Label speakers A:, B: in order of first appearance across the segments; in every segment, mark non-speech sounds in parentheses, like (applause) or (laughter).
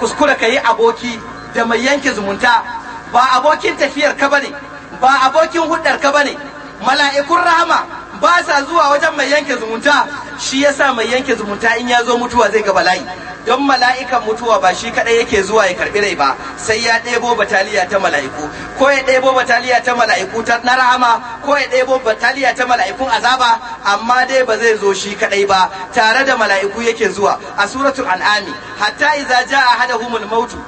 A: kuskura ka yi aboki da mai yanke zumunta ba abokin tafiyar ka bane ba abokin hudar ka bane mala'ikun rahama ba sa zuwa wajen mai yanke zumunta shi yasa mai yanke zumunta in ya zo mutuwa zai ga bala'i don mala'ikan mutuwa ba shi kadai yake zuwa ya karbi rai ba sai ya ɗebo bataliya ta mala'iku ko ya ɗebo bataliya ta mala'iku ta na rahama ko ya ɗebo bataliya ta mala'ikun azaba amma dai ba zai zo shi kadai ba tare da mala'iku yake zuwa a suratul an'ami hatta idza jaa ahaduhumul mautu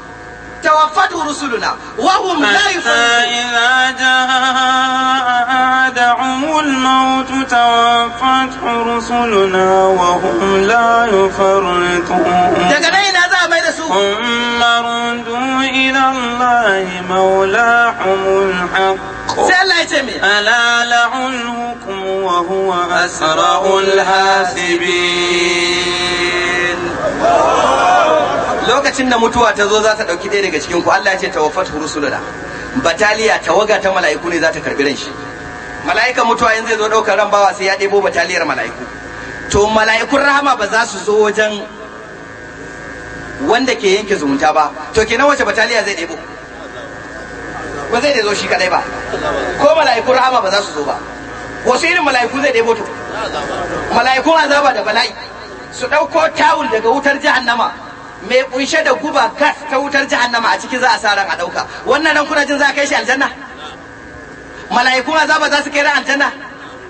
A: توفته رسلنا وهم لا يفرطون
B: إذا جاء أحدهم الموت توفته رسلنا وهم لا يفرطون ثم ردوا إلى الله مولاهم الحق ألا له الحكم وهو أسرع
A: الحاسبين lokacin da mutuwa ta zo za ta ɗauki ɗaya daga cikin ku Allah ya ce tawaffat rusuluna bataliya tawaga ta mala'iku ne za ta karbi ran shi mala'ikan mutuwa yanzu zai zo ɗaukar ran bawa sai ya ɗebo bataliyar mala'iku to mala'ikun rahama ba za su zo wajen wanda ke yanke zumunta ba to kenan wace bataliya zai ɗebo ba zai zo shi kadai ba ko mala'ikun rahama ba za su zo ba wasu irin mala'iku zai ɗebo to mala'ikun azaba da bala'i su ɗauko tawul daga wutar jahannama mai kunshe da guba gas ta wutar jahannama a ciki za a sa ran a dauka wannan nan kuna jin za a kai shi aljanna mala'iku ma za su kai ran aljanna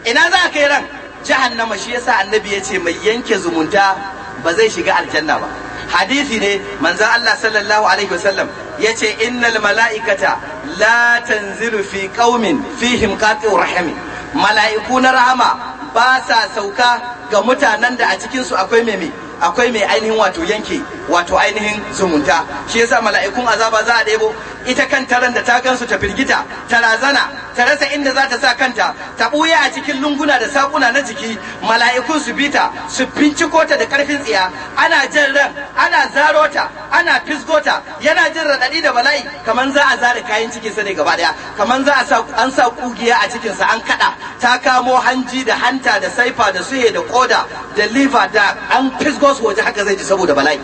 A: ina za a kai ran jahannama shi yasa annabi ya ce mai yanke zumunta ba zai shiga aljanna ba hadisi ne manzo Allah sallallahu alaihi wasallam ya ce innal mala'ikata la tanzilu fi qaumin fihim qati'ur rahim mala'iku na rahama ba sa sauka ga mutanen da a cikinsu akwai mai akwai mai ainihin wato yanke wato ainihin zumunta shi yasa mala'ikun azaba za a ɗebo ita kan taran da ta gansu ta firgita ta razana ta rasa inda za ta sa kanta ta ɓuya a cikin lunguna da sakuna na jiki mala'ikun su bita su binciko ta da ƙarfin tsiya ana jin ran ana zaro ta ana fisgo ta yana jin raɗaɗi da bala'i kamar za a zare kayan cikinsa ne gaba ɗaya kamar za a sa an sa ƙugiya a cikinsa an kaɗa ta kamo hanji da hanta da saifa da suye da koda da liver da an fisgo su waje haka zai ji saboda bala'i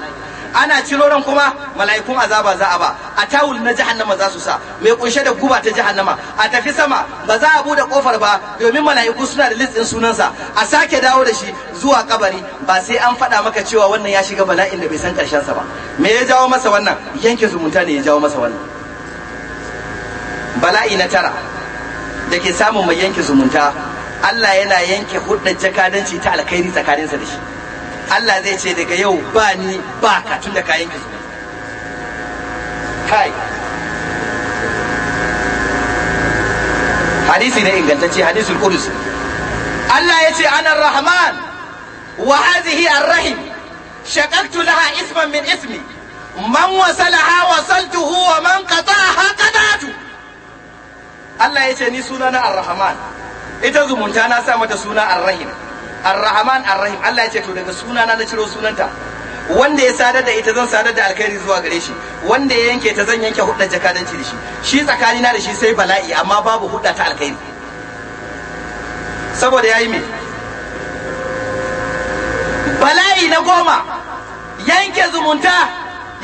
A: ana ciro ran kuma mala'ikun azaba za a ba a tawul na jahannama za su sa mai kunshe da guba ta jahannama a tafi sama ba za a bude kofar ba domin mala'iku suna da listin sunansa a sake dawo da shi zuwa kabari ba sai an faɗa maka cewa wannan ya shiga bala'in da bai san karshen sa ba me ya jawo masa wannan yanke zumunta ne ya jawo masa wannan bala'i na tara da ke samun mai yanke zumunta Allah yana yanke hudar jakadanci ta alkhairi tsakaninsa da shi Allah zai ce daga yau ba ni ba ka tun da kayan ki kai hadisi ne ingantacce hadisul qudus Allah ya ce ana rahman wa hadhihi ar-rahim shaqaqtu laha isman min ismi man wasalaha wasaltuhu wa man qata'aha qata'tu Allah ya ce ni sunana ar-rahman ita zumunta na sa mata suna ar-rahim Ar-Rahman Ar-Rahim Allah ya ce to daga sunana na ciro sunanta wanda ya sadar da ita zan sadar da alkhairi zuwa gare shi wanda ya yanke ta zan yanke hudda jakadanci da shi shi tsakani na da shi sai bala'i amma babu hudda ta alkhairi saboda yayi me bala'i na goma yanke zumunta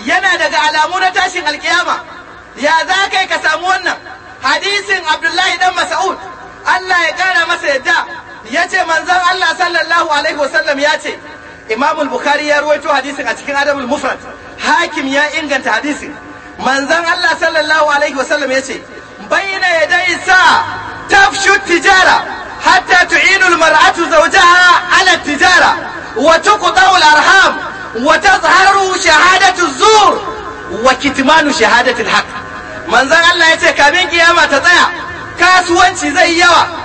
A: yana daga alamu na tashin alkiyama ya za kai ka samu wannan hadisin abdullahi dan mas'ud Allah ya kara masa yadda ya ce manzan Allah sallallahu alaihi wasallam ya ce imamul bukhari ya ruwaito hadisin a cikin adabul mufrad hakim ya inganta hadisin manzan Allah sallallahu alaihi wasallam ya ce bayna yadai sa tafshu tijara hatta tu'inu almar'atu zawjaha ala tijara wa tuqta'u arham. wa tazharu shahadatu zur wa kitmanu shahadati alhaq manzan Allah ya ce kamin kiyama ta tsaya kasuwanci zai yawa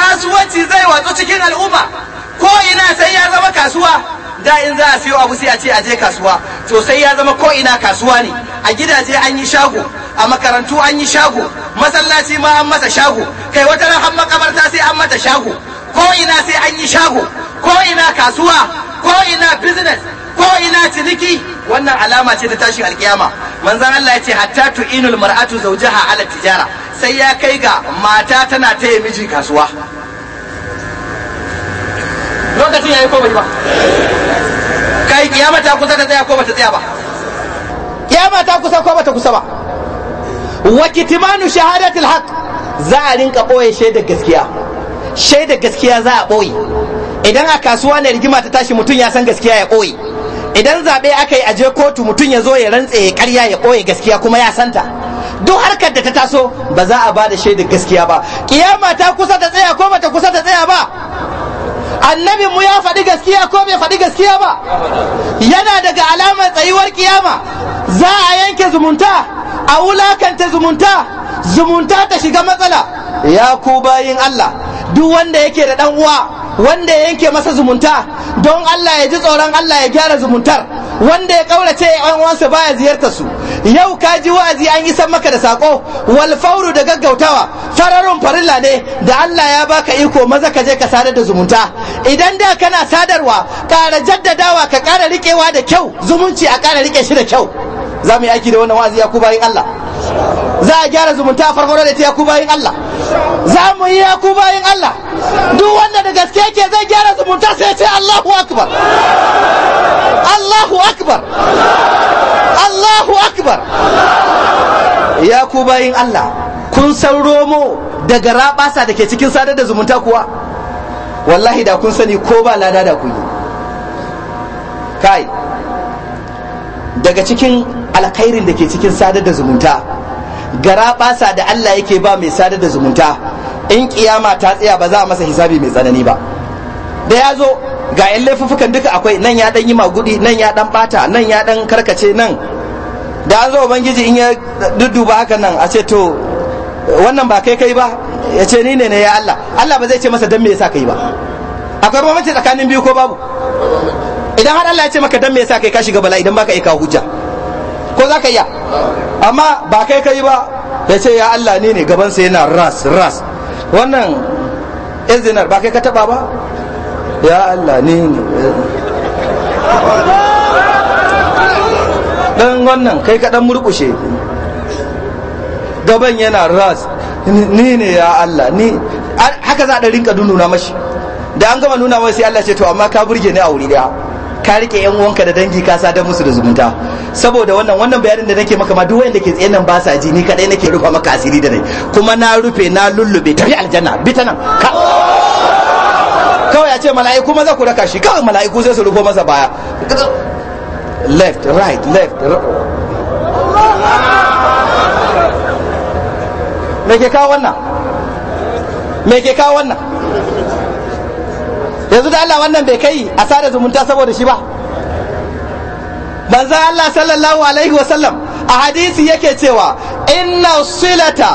A: kasuwanci zai watsu cikin al'umma ko ina sai ya zama kasuwa da in za a siyo abu sai a ce a je kasuwa to sai ya zama ko ina kasuwa ne a gidaje an yi shago a makarantu an yi shago masallaci ma an masa shago kai wata ran makabarta sai an mata shago ko ina sai an yi shago ko ina kasuwa ko ina business ko ina ciniki wannan alama ce ta tashin alkiyama manzon Allah ya ce hatta tu'inul mar'atu zawjaha ala tijara sai ya kai ga mata tana taya miji kasuwa lokacin ya yi ko bai ba kai kiyama ta kusa ta tsaya ko bata tsaya ba kiyama ta kusa ko bata kusa ba wa kitimanu shahadatul haq za a rinka ɓoye shaidar gaskiya shaidar gaskiya za a ɓoye idan a kasuwa ne rigima ta tashi mutum ya san gaskiya ya ɓoye idan zaɓe aka yi a je kotu mutum ya zo ya rantse ya karya ya ɓoye gaskiya kuma ya santa duk harkar da ta taso ba za a ba da shaidar gaskiya ba kiyama ta kusa ta tsaya ko bata kusa ta tsaya ba annabin mu ya faɗi gaskiya ko bai faɗi gaskiya ba yana daga alamar tsayuwar kiyama za a yanke zumunta a wulakanta zumunta zumunta ta shiga matsala ya ku bayin Allah duk wanda yake da dan uwa wanda ya yanke masa zumunta don Allah ya ji tsoron Allah ya gyara zumuntar wanda ya kaurace yan uwansa baya ziyartar su yau ka ji wa'azi an yi san maka da sako wal fauru da gaggautawa fararun farilla ne da Allah ya baka iko maza ka je ka sadar da zumunta idan da kana sadarwa kara jaddadawa ka kara rikewa da kyau zumunci a ƙara riƙe shi da kyau za mu yi aiki da wannan wa'azi ya ku bayin Allah za a gyara zumunta a farfaro da ta yaku bayin Allah za mu yi yaku bayin Allah duk wanda da gaske yake zai gyara zumunta sai ce Allahu akbar Allahu akbar Allahu akbar ya ku bayin Allah kun san romo daga rabasa da ke cikin sadar da zumunta kuwa wallahi da kun sani ko ba lada da ku yi kai daga cikin alkhairin da ke cikin sadar da zumunta gara basa da Allah yake ba mai sadar da zumunta in kiyama ta tsaya ba za a masa hisabi mai tsanani ba da ya zo ga yan laifuffukan duka akwai nan ya dan yi magudi nan ya dan bata nan ya dan karkace nan da an zo ubangiji in ya dudduba haka nan a ce to wannan ba kai kai ba ya ce ni ne ne ya Allah Allah ba zai ce masa dan me yasa kai ba akwai bambanci tsakanin biyu ko babu idan har Allah ya ce maka dan me yasa kai ka shiga bala idan baka iya kawo hujja ko za ka iya amma ba kai kai ba ya ce ya Allah ne ne gabansa yana ras ras wannan izinar ba kai ka taba ba ya Allah ne ne dan wannan kai ka dan murkushe gaban yana ras ni ne ya Allah ni haka za a rinka dununa mashi da an gama nuna wai sai Allah ce to amma ka burge ni a wuri daya ka rike yan uwanka da dangi ka sadar musu da zumunta saboda wannan wannan bayanin da nake maka ma duk wanda ke tsaye nan ba sa ji ni kadai nake rufa maka asiri da rai kuma na rufe na lullube tafi aljanna bita nan ka kawai a ce mala'iku maza ku raka shi kawai mala'iku sai su rufo masa baya left right left me ke kawo wannan me ke kawo wannan yanzu da Allah wannan bai kai a sada zumunta saboda shi ba manzon Allah sallallahu alaihi wasallam a hadisi yake cewa inna silata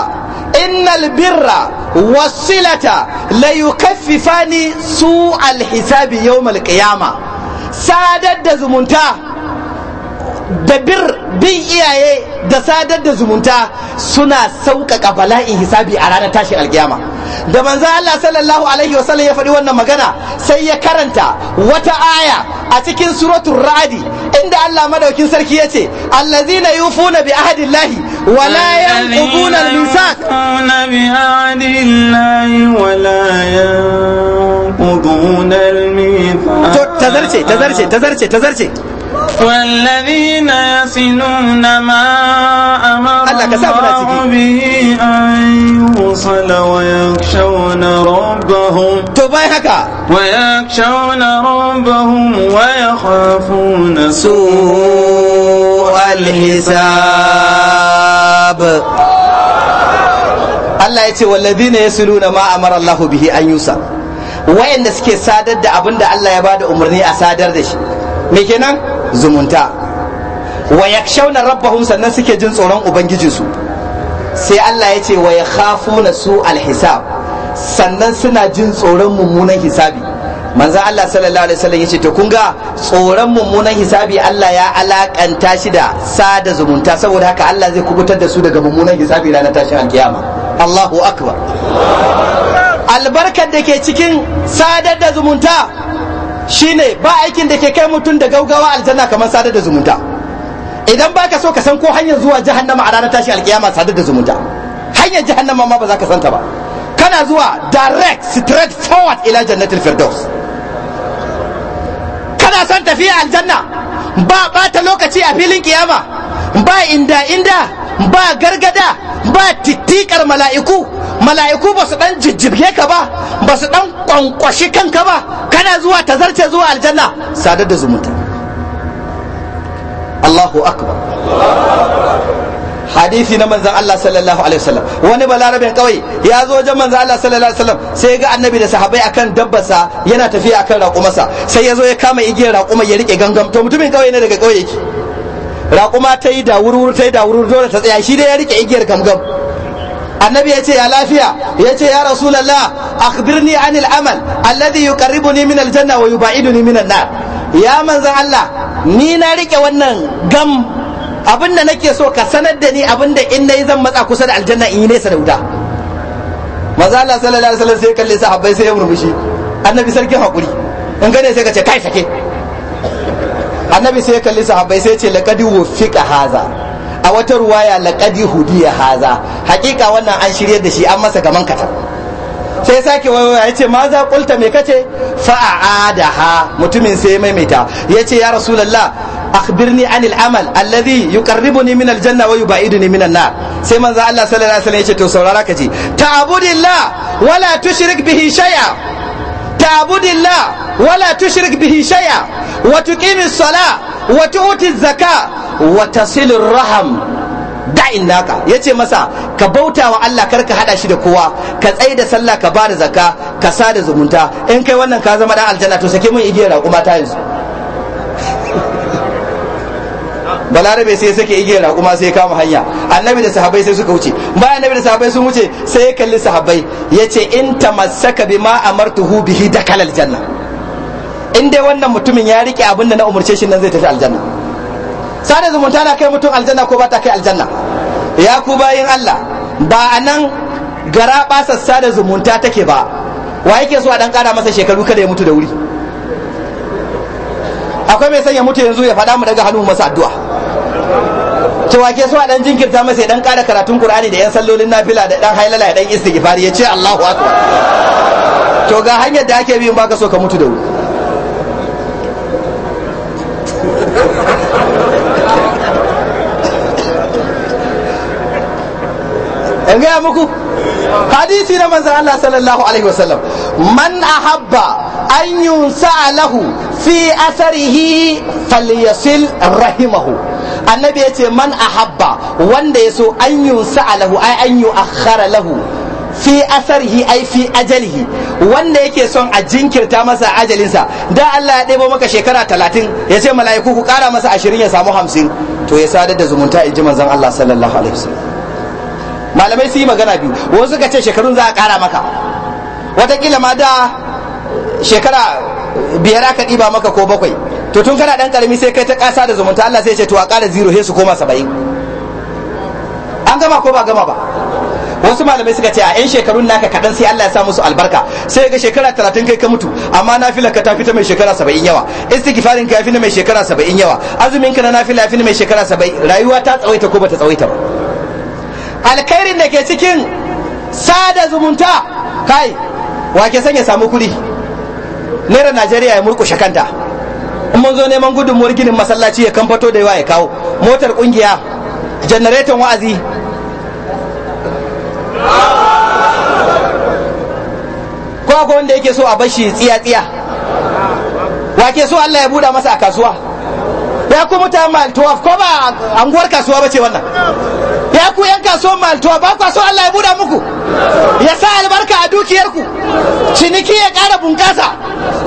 A: innal birra wasilata la yukaffifani su alhisabi yawmal qiyama sadar da zumunta da bir bin iyaye da sadar da zumunta suna sauƙaƙa bala'in hisabi a ranar tashin alkiyama da banza Allah sallallahu alaihi wasallam ya faɗi wannan magana sai ya karanta wata aya a cikin suratul ra'adi inda Allah madaukin sarki ya ce allazina yufuna bi ahadillahi ولا ينقضون الميثاق
B: بعهد الله misak. ينقضون
A: tazarce tazarce tazarce tazarce.
B: والذين يصلون ما أمر الله به أن يوصل ويخشون ربهم ويخشون ربهم ويخافون سوء
A: الحساب Allah ya ce ya yasluna ma amara Allahu bihi an yusa wayanda suke sadar da abin da Allah ya bada umarni a sadar da shi me kenan zumunta wa yakshawna rabbahum sannan suke jin tsoron ubangijinsu sai Allah ya ce wa yakhafuna su alhisab sannan suna jin tsoron mummunan hisabi manzan Allah sallallahu alaihi wasallam ce to kun ga tsoron mummunan hisabi Allah ya alakanta shi da sada zumunta saboda haka Allah zai kubutar da su daga mummunan hisabi ranar tashin alkiyama Allahu akbar albarkar da ke cikin sadar da zumunta shine ba aikin da ke kai mutum da gaugawa aljanna kamar sadar da zumunta idan baka so ka san ko hanyar zuwa jahannama a ranar tashi alkiyama sadar da zumunta hanyar jahannama ma ba za ka santa ba kana zuwa direct straight forward ila jannatul firdaus kana son tafiya aljanna ba bata lokaci a filin kiyama ba inda inda ba gargada ba titikar mala'iku mala'iku ba su dan jijjirge ka ba ba su dan kwankwashi kanka ba kana zuwa ta zarce zuwa aljanna sadar da zumunta Allahu akbar hadisi na manzan Allah sallallahu alaihi wasallam wani balarabin kawai ya zo wajen manzan Allah sallallahu alaihi wasallam sai ga annabi da sahabbai akan dabbarsa yana tafiya akan raƙumarsa sai ya zo ya kama igiyar raƙuma ya rike gangam to mutumin kawai ne daga kauye yake raƙuma ta yi da wurwur ta yi da wurwur dole ta tsaya shi dai ya rike igiyar gangam annabi ya ce ya lafiya ya ce ya rasulallah akhbirni anil amal alladhi yuqarribuni min aljanna wa yubaiduni min annar ya manzan Allah ni na rike wannan gam abin da nake so ka sanar da ni abin da in nayi zan matsa kusa da aljanna in yi nesa da wuta manzo Allah sallallahu alaihi wasallam sai kalle sahabbai sai ya murmushi annabi sarkin hakuri in gane sai ka ce kai sake annabi sai ya kalli sahabbai sai ya ce laqad wufiqa haza a wata ruwaya laqadi ya haza hakika wannan an shirya da shi an masa gaman kata sai sake wayoya ya ce ma za kulta me kace fa'adaha mutumin sai maimaita ya ce ya rasulullah akhbirni anil amal alladhi yuqarribuni min aljanna wa yubaiduni min an sai manzo Allah sallallahu alaihi wasallam ya ce to saurara kaji ta'budillah wala tushrik bihi shay'a تعبد الله ولا تشرك watu شيئا وتقيم الصلاة وتؤتي الزكاة wata silin raham da'in naka ya ce masa ka bauta wa Allah kar ka hada shi da kowa ka tsaye da sallah ka bada da zakka ka sa da zumunta in kai wannan ka zama dan aljanna to sake mun igiyar raƙuma ta yanzu (laughs) balarabe sai sake igiyar raƙuma sai kama hanya annabi da sahabbai sai suka wuce bayan annabi da sahabbai sun wuce sai ya kalli sahabbai ya ce in tamassaka bima amartuhu bihi dakalal janna in dai wannan mutumin ya rike abin na umurce shi nan zai tafi aljanna sada zumunta na kai mutum aljanna ko ba ta kai aljanna ya ku bayin Allah ba a nan gara basar sada zumunta take ba wa yake so a dan kara masa shekaru kada ya mutu da wuri akwai mai son ya mutu yanzu ya faɗa mu daga hannu masa addu'a to wa ke so a dan jinkirta masa ya dan kara karatun Qur'ani da yan sallolin nafila da dan hailala ya dan istighfar ya ce Allahu akbar to ga hanyar da ake bi in baka so ka mutu da wuri in gaya muku hadisi na manzan Allah sallallahu alaihi wasallam man ahabba an yunsa lahu fi asarihi falyasil rahimahu annabi ce man ahabba wanda yaso an yunsa lahu ai an yuakhkhara lahu fi asarihi ai fi ajalihi wanda yake son a jinkirta masa ajalinsa da Allah ya ɗebo maka shekara talatin ya ce mala'iku ku ƙara masa ashirin ya samu hamsin to ya sadar da zumunta in ji manzan Allah sallallahu alaihi wasallam malamai su yi magana biyu wasu suka ce shekarun za a ƙara maka watakila ma da shekara biyar aka ɗiba maka ko bakwai to tun kana ɗan ƙarami sai kai ta ƙasa da zumunta Allah sai ce to a ƙara zero sai su koma saba'in an gama ko ba gama ba wasu malamai suka ce a 'yan shekarun naka kaɗan sai Allah ya sa musu albarka sai ga shekara talatin kai ka mutu amma nafila ka ta fita mai shekara saba'in yawa istighfarin ka ya fi mai shekara saba'in yawa azumin ka na nafila ya fi mai shekara saba'in rayuwa ta tsawaita ko bata tsawaita ba alkhairin da ke cikin sada zumunta kai wake son ya samu kuri naira najeriya ya murkushe kanta in mun zo neman gudunmuwar ginin masallaci ya kamfato da yawa ya kawo motar kungiya janareton wa'azi ko akwai wanda yake so a bashi tsiya-tsiya wake so allah ya buɗa masa a kasuwa ya kuma ta mal 12 ko ba anguwar kasuwa ba ce wannan ya ku yan kasuwan maltuwa ba kwa so Allah ya buda muku ya sa albarka a dukiyarku ciniki ya kara bunƙasa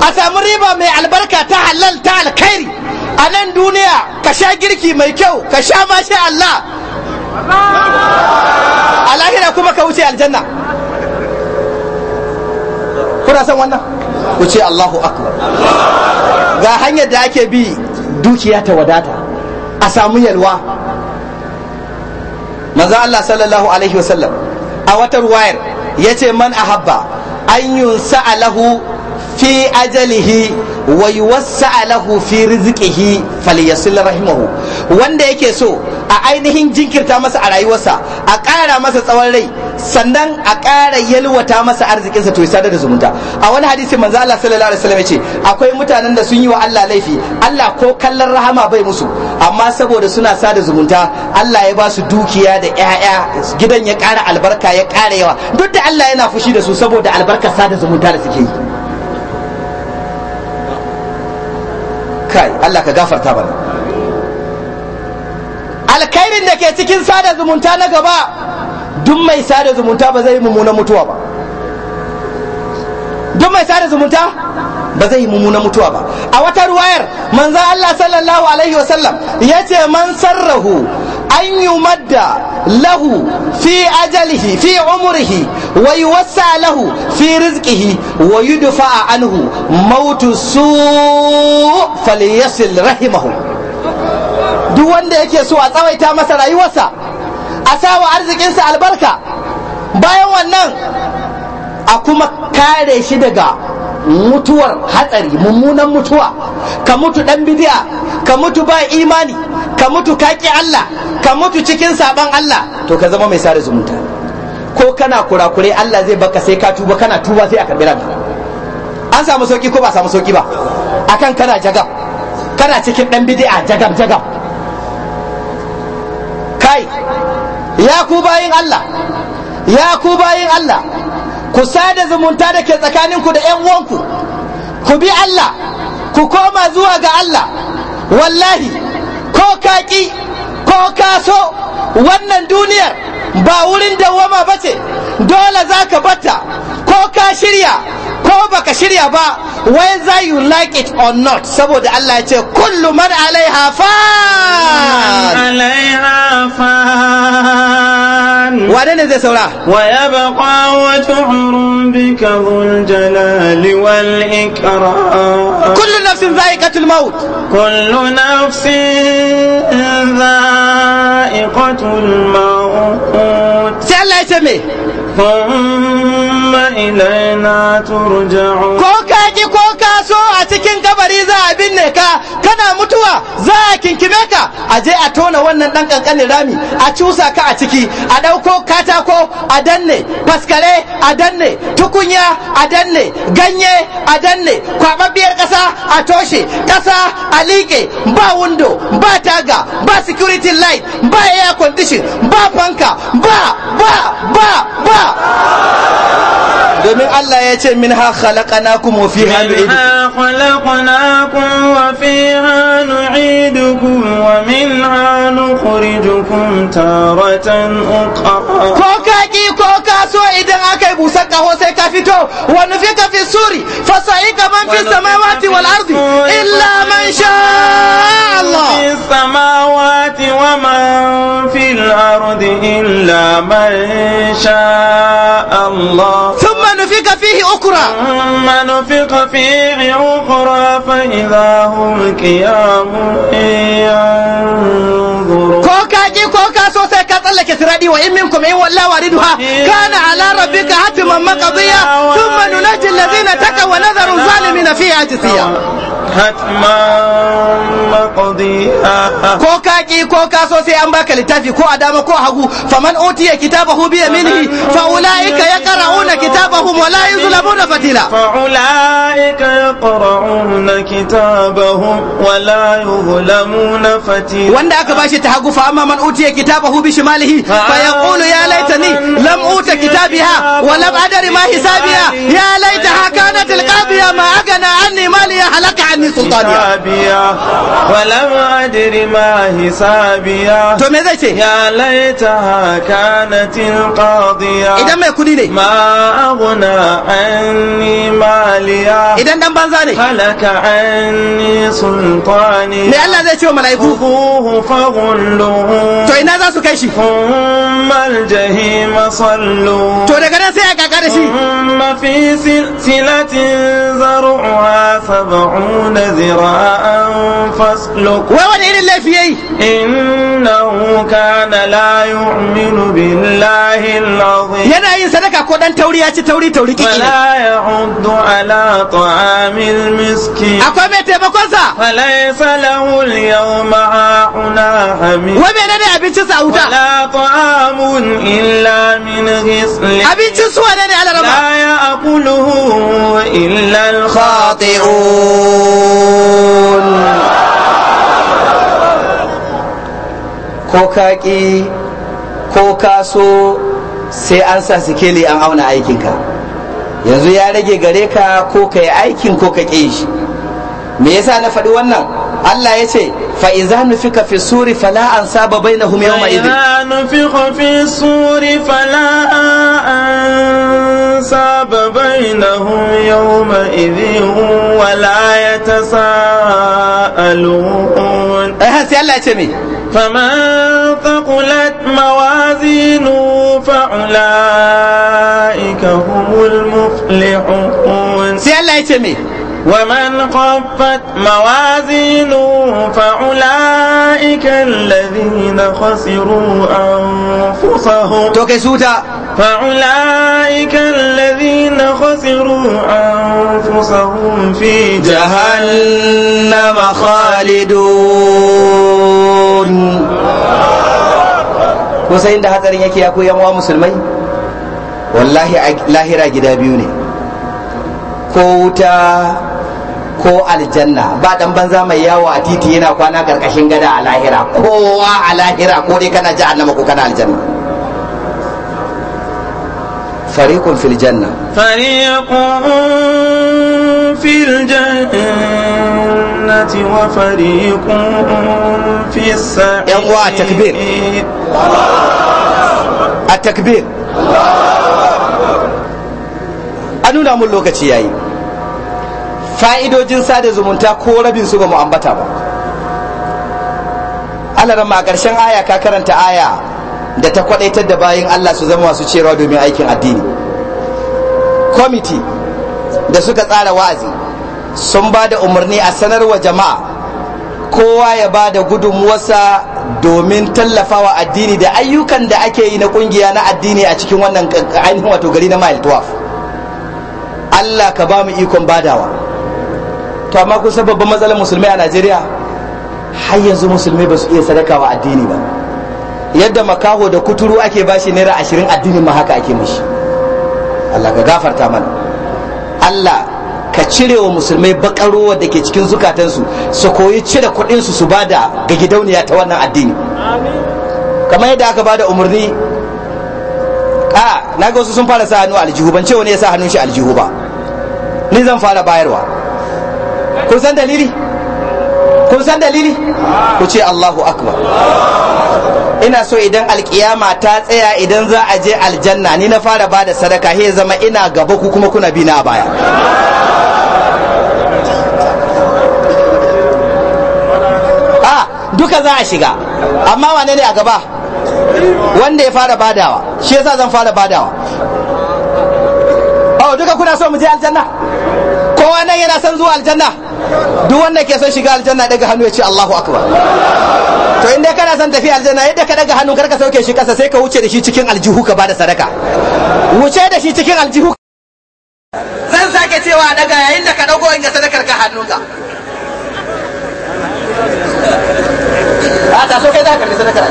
A: a samu riba mai albarka ta halal ta alkhairi a nan duniya ka sha girki mai kyau ka sha mashi Allah a lahira kuma ka wuce aljanna kuna son wannan ku Allahu akbar ga hanyar da ake bi dukiya ta wadata a samu yalwa manzo Allah sallallahu alaihi wasallam a wata ruwayar yace man ahabba an yunsa alahu fi ajalihi wa yuwassa alahu fi rizqihi falyasil rahimahu wanda yake so a ainihin jinkirta masa a rayuwarsa a ƙara masa tsawon rai sannan a ƙara yalwata masa arzikinsa to ya sadar da zumunta a wani hadisi manzo Allah sallallahu alaihi wasallam yace akwai mutanen da sun yi wa Allah laifi Allah ko kallon rahama bai musu amma saboda suna sada zumunta Allah ya ba su dukiya da ƴaƴa gidan ya ƙara albarka ya ƙara yawa duk da Allah yana fushi da su saboda albarkar sada zumunta da suke yi kai Allah ka gafarta bana alkhairin da ke cikin sada zumunta na gaba duk mai sada zumunta ba zai yi mummunan mutuwa ba duk mai sada zumunta ba zai yi mummunan mutuwa ba a wata ruwayar manzan Allah sallallahu alaihi wasallam yace man sarrahu an madda lahu fi ajalihi fi umrihi wa yuwassa lahu fi rizqihi wa yudfa anhu mautu su falyasil rahimahu duk wanda yake so a tsawaita masa rayuwarsa a sawa arzikinsa albarka bayan wannan a kuma kare shi daga mutuwar hatsari mummunan mutuwa ka mutu dan bidiya ka mutu ba imani ka mutu kaki Allah ka mutu cikin saban Allah to ka zama mai sare zumunta ko kana kurakure Allah zai baka sai ka tuba kana tuba sai a karbi ranka an samu sauki ko ba samu sauki ba akan kana jagab kana cikin dan bidiya jagab jagab kai ya ku bayin Allah ya ku bayin Allah ku sada zumunta da ke tsakaninku da ƴan uwanku ku bi Allah ku koma zuwa ga Allah wallahi ko kaƙi ko kaso, wannan duniyar ba wurin dawwama ba ce dole za ka batta ko ka shirya ko baka shirya ba whether you like it or not saboda Allah ya ce kullu man alaiha fan alaiha fan wane ne zai saura
B: wa yabqa wajhu bika dhul jalali wal ikram kullu nafsin dha'iqatul maut kullu nafsin dha'iqatul maut sai Allah ya ce me ثم إلينا ترجعون ko kaji ko so a
A: cikin kabari za a binne ka kana mutuwa za a kinkime ka a je a tona wannan dan kankanin rami a cusa ka a ciki a ɗauko katako a danne faskare a danne tukunya a danne ganye a danne kwababbiyar ƙasa a toshe ƙasa a liƙe ba window ba taga ba security light ba air condition ba fanka ba ba ba ba domin Allah ya ce min ha khalaqnakum wa fiha nu'idukum min
B: ha khalaqnakum wa fiha nu'idukum wa min ha nukhrijukum taratan ukhra
A: ko ka ki ko ka so idan aka busa kaho sai ka fito wa nufika fi suri fa sa'ika man fi samawati
B: wal ardi illa man sha Allah fi samawati wa man fil ardi illa man sha Allah نفق فيه أخرى ثم نفق فيه أخرى فإذا هم قيام ينظرون
A: ملك ثرادي وإن منكم أي ولا واردها إيه. كان على ربك حتما مقضية ثم ننجي الذين تكوا ونذر الظالمين فيها جثية
B: حتما مقضية
A: كوكا كي كوكا سو سي أمباك لتافي كو أدام كو حقو فمن أوتي كتابه بيمينه فأولئك يقرؤون كتابهم ولا يظلمون فتيلا فأولئك
B: يقرؤون
A: كتابهم ولا يظلمون فتيلا وندا كباشي تحقو فأما من أوتي كتابه بشماله عمله Kulu ya laita ni أوت كتابها ولم أدر ما حسابها يا ليتها كانت القاضية ما أغنى عني مالية هلك عني سلطانية ولم
B: أدر zai ce ya laita kanatil idan mai kudi ne ma maliya idan dan banza ne halaka anni sultani me Allah zai ce wa mala'iku to ina za su kai shi to daga nan sai a kaka da shi ma fi silatin zaru'a sab'una zira'an faslu wa wani irin lafiyai in kana la yana
A: yin sadaka ko dan tauri ya ci tauri tauri kiki la
B: ya'uddu ala ta'amil miskin akwai mai taimakon sa falaysa lahu al-yawma abincin sa abincin su wane ne alarama
A: ko kaƙi ko kaso sai an sa sikeli an auna aikinka yanzu ya rage gare ka ko ka yi aikin ko ka ƙe shi me yasa na faɗi wannan Allah ya ce fa'iza nufika fi suri fala na fi suri fala an
B: saba bai na humi yawma wala eh, ya فمن ثقلت موازينه فأولئك هم المفلحون سي الله ومن خفت موازينه فأولئك الذين خسروا أنفسهم فأولئك الذين خسروا أنفسهم في
A: جهنم خالدون yi kusa inda hatsarin yake ya koyan wa musulmai wallahi lahira gida biyu ne ko wuta ko aljanna ba dan banza mai yawo a titi yana kwana karkashin gada a lahira kowa a lahira ko dai kana jahannama ko kana aljanna fariqun fil janna
B: fariqun fil janna الجنة وفريق في السعير يقوى
A: التكبير التكبير nuna mun lokaci yayi fa'idojin sada zumunta ko rabin su ba mu ambata ba Allah ma ƙarshen aya ka karanta aya da ta kwadaitar da bayin Allah su zama masu cewa domin aikin addini kwamiti da suka tsara wa'azi sun ba da umarni a sanarwa jama'a kowa ya ba da gudunmuwarsa domin tallafawa addini da ayyukan da ake yi na kungiya na addini a cikin wannan ainihin wato gari na mile 12 Allah ka ba mu ikon badawa to amma kusa babban matsalar musulmai a Najeriya har yanzu musulmai ba su iya sadaka wa addini ba yadda makaho da kuturu ake bashi naira ashirin addinin ma haka ake mishi. Allah ka gafarta mana Allah ka cire wa musulmai bakarowa da ke cikin zukatansu su koyi cire kuɗinsu su ba da ga gidauniya ta wannan addini kamar yadda aka ba da umarni a na ga wasu sun fara sa hannu aljihu ban ce wani ya sa hannun shi aljihu ba ni zan fara bayarwa kun san dalili kun san dalili ku ce Allahu akbar ina so idan alkiyama ta tsaya idan za a je aljanna ni na fara bada sadaka he zama ina gaba ku kuma kuna bi na a baya za a shiga amma wane ne a gaba wanda ya fara badawa shi yasa zan fara badawa oh duka kuna so mu je aljanna kowa nan yana son zuwa aljanna duk wanda ke son shiga aljanna daga hannu ya ce Allahu akbar to inda kana son tafi aljanna yadda ka daga hannu karka sauke shi kasa sai ka wuce da shi cikin aljihu ka bada sadaka wuce da shi cikin aljihu zan sake cewa daga yayin da ka dago inda sadakar ka ka. ba ta so kai za ka karbi sadaka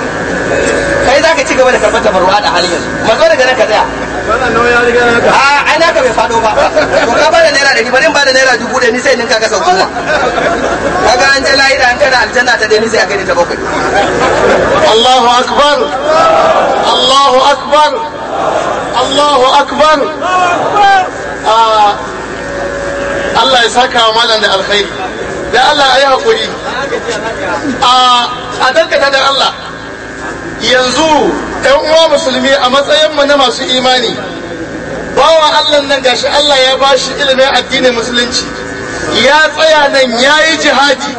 A: kai za ka ci gaba da karbar tabarru'a da halin yanzu mazo daga nan ka tsaya a ai naka bai fado ba to ka bada naira ɗari bari in bada naira dubu ɗari sai ninka ka sau goma kaga an je layi da an kada aljanna ta ni sai a kai ta bakwai Allahu akbar Allahu akbar Allahu akbar
C: ah, Allah ya saka wa malam da alkhairi da Allah ya hakuri a dakata da Allah yanzu ɗan uwa musulmi a matsayinmu na masu imani bawa Allah nan gashi Allah ya ba shi ilimin addinin musulunci ya tsaya nan ya yi jihadi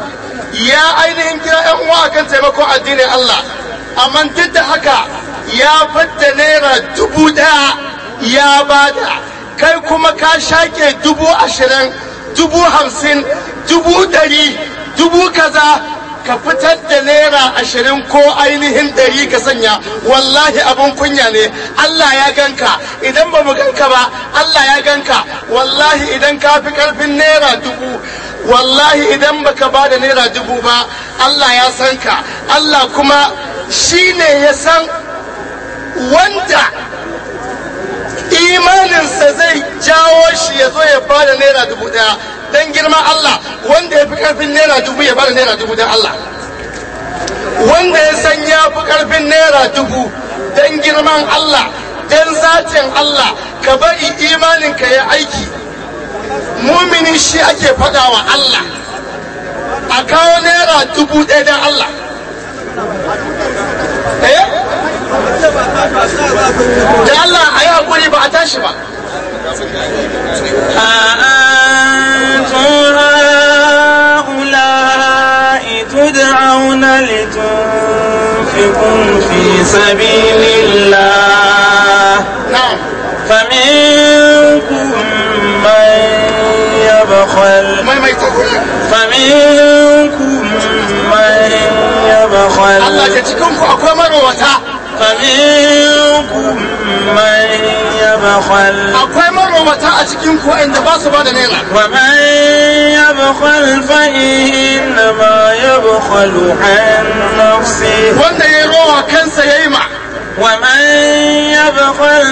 C: ya ainihin kira 'yan uwa a kan taimakon addinin Allah amma duk da haka ya fadda naira dubu ɗaya ya bada kai kuma ka shaƙe dubu ashirin dubu hamsin dubu dari dubu kaza ka fitar da naira ashirin ko ainihin ɗari ka sanya wallahi abin kunya ne Allah ya ganka idan ba mu ganka ba Allah ya ganka wallahi idan ka fi ƙarfin naira dubu wallahi idan baka ba da naira dubu ba Allah ya san ka Allah kuma shi ne ya san wanda imaninsa zai jawo shi ya zo ya bada naira dubu daya don girma Allah wanda ya fi karfin naira dubu ya bada naira dubu don Allah wanda ya san ya fi karfin naira dubu don girman Allah don zaten Allah ka bari imaninka ya aiki mumini shi ake faɗa wa Allah a kawo naira dubu ɗaya don Allah eh da Allah a yi hakuri ba a tashi ba أأنتم
B: هؤلاء تدعون لتنفقوا في سبيل الله نعم فمنكم من يبخل فمنكم من يبخل الله تتكون أكوى مروتا ومنكم من يبخل akwai marwata a cikin ku inda ba su ba da naira wa man yabkhal fa inna ma yabkhalu an nafsi wanda ya rowa kansa yayi ma wa man yabkhal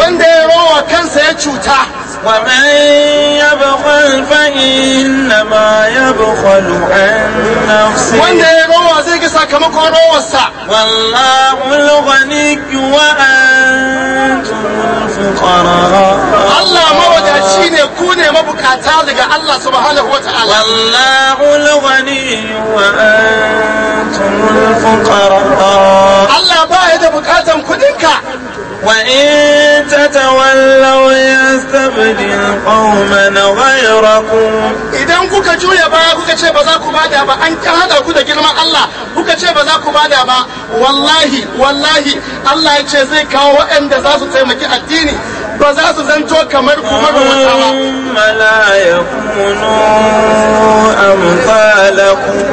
B: wanda ya kansa ya cuta ومن يبخل فإنما يبخل عن نفسه wanda ya rowa zai ga sakamakon rowarsa wallahu al-ghaniyyu wa antum al-fuqara Allah mawadaci ne kune ne mabukata daga Allah subhanahu wa ta'ala wallahu al-ghaniyyu wa antum al Allah ba ya da bukatan وإن تتولوا يستبدل قوما غيركم
C: idan kuka juya baya kuka ce ba za ku bada ba an hada ku da girman Allah kuka ce ba za ku bada ba wallahi wallahi Allah ya ce zai kawo waɗanda za su taimaki addini ba za su zanto kamar ku marwata ba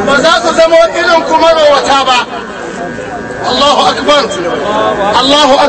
C: ba za su zama irin ku marwata ba Allahu akbar Allahu akbar